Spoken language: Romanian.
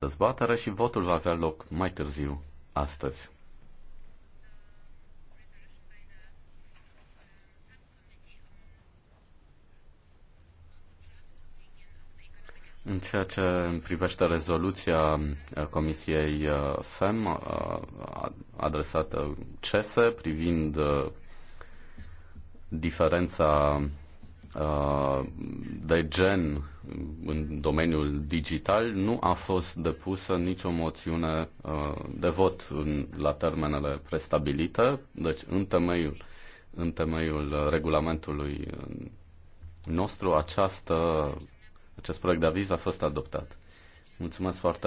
dezbatere și votul va avea loc mai târziu astăzi. În ceea ce privește rezoluția eh, Comisiei eh, FEM eh, adresată CESE privind diferența Uh, de gen în domeniul digital, nu a fost depusă nicio moțiune uh, de vot în, la termenele prestabilite, deci în temeiul, în temeiul regulamentului nostru această, acest proiect de aviz a fost adoptat. Mulțumesc foarte mult!